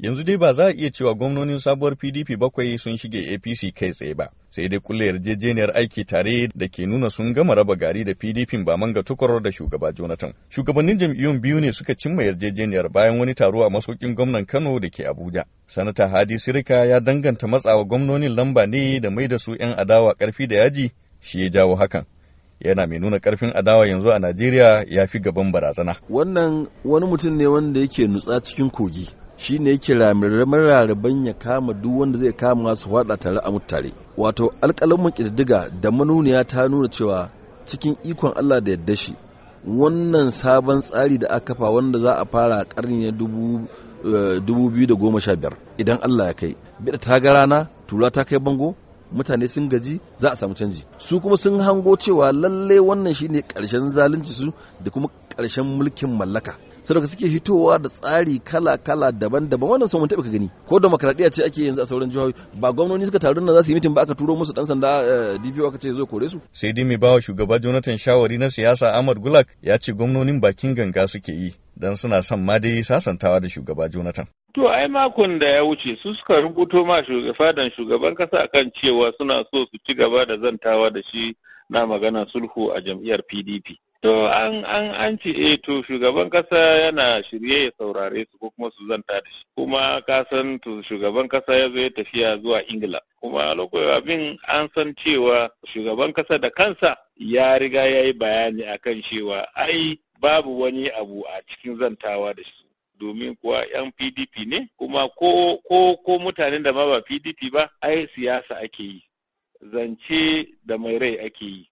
Yanzu dai ba za a iya cewa gwamnonin sabuwar PDP bakwai sun shige APC kai tsaye ba, sai dai kulle yarjejeniyar aiki tare da ke nuna sun gama raba gari da PDP ba manga tukwar da shugaba Jonathan. Shugabannin jam'iyyun biyu ne suka cimma yarjejeniyar bayan wani taro a masaukin gwamnan Kano da ke Abuja. Sanata Hadi Sirika ya danganta matsawa gwamnonin lamba ne da mai da su 'yan adawa karfi da yaji shi ya jawo hakan. yana mai nuna karfin adawa yanzu a Najeriya ya fi gaban barazana. Wannan wani mutum ne wanda yake nutsa cikin kogi shi ne yake ramiramar ya kama duk wanda zai kama su hada tare a mutare wato alƙalamin ƙididdiga da manuniya ta nuna cewa cikin ikon allah da yadda shi wannan sabon tsari da aka kafa wanda za a fara a ƙarni na 2015 eh, idan allah ya kai biɗa ta ga rana tura ta kai bango mutane sun gaji za a samu canji su kuma sun hango cewa lallai wannan shine karshen zalunci su da kuma ƙarshen mulkin mallaka sadaka suke hitowa da tsari kala-kala daban-daban wannan sun taɓa ka gani ko demokradiyya ce ake yanzu a sauran jihohi ba gwamnoni suka taru nan za su yi mitin ba aka turo musu dan sanda eh, DPO aka ce zo kore su sai dai mai bawa shugaba Jonathan shawari na siyasa Ahmad Gulak ya ce gwamnonin bakin ganga suke yi dan suna son ma dai sasantawa da shugaba Jonathan To ai makon da ya wuce su suka rubuto ma fadan shugaban kasa kan cewa suna so su ci gaba da zantawa da shi na magana sulhu a jam'iyyar PDP. To an an an ce eh to shugaban kasa yana shirye ya saurare su ko kuma su zanta da shi. Kuma ka san to shugaban kasa ya zo ya tafiya zuwa Ingila. Kuma lokacin abin an san cewa shugaban kasa da kansa ya riga ya yi bayani akan cewa ai babu wani abu a cikin zantawa da shi. domin kuwa 'yan PDP ne kuma ko ko ko mutanen da ma ba PDP ba ai siyasa ake yi zance da mai rai ake yi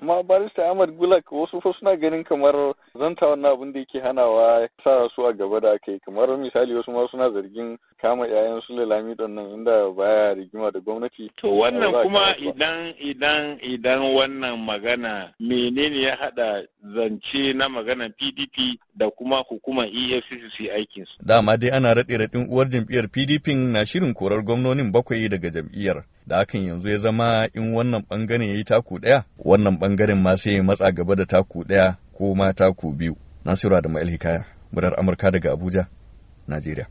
kuma barista ahmad gulak wasu fa suna ganin kamar zanta wannan abin da yake hanawa sa su a gaba da aka yi kamar misali wasu ma suna zargin kama yayan su lalami nan inda baya rigima da gwamnati to wannan kuma idan idan idan wannan magana menene ya hada zance na magana pdp da kuma hukumar EFCC su aikin su. Dama dai ana raɗe raɗin uwar jam'iyyar PDP na shirin korar gwamnonin bakwai daga jam'iyyar. Da hakan yanzu ya zama in wannan ɓangaren ya yi taku ɗaya, wannan ɓangaren ma sai ya matsa gaba da taku ɗaya ko ma taku biyu. Nasiru Adamu Hikaya, murar Amurka daga Abuja, Najeriya.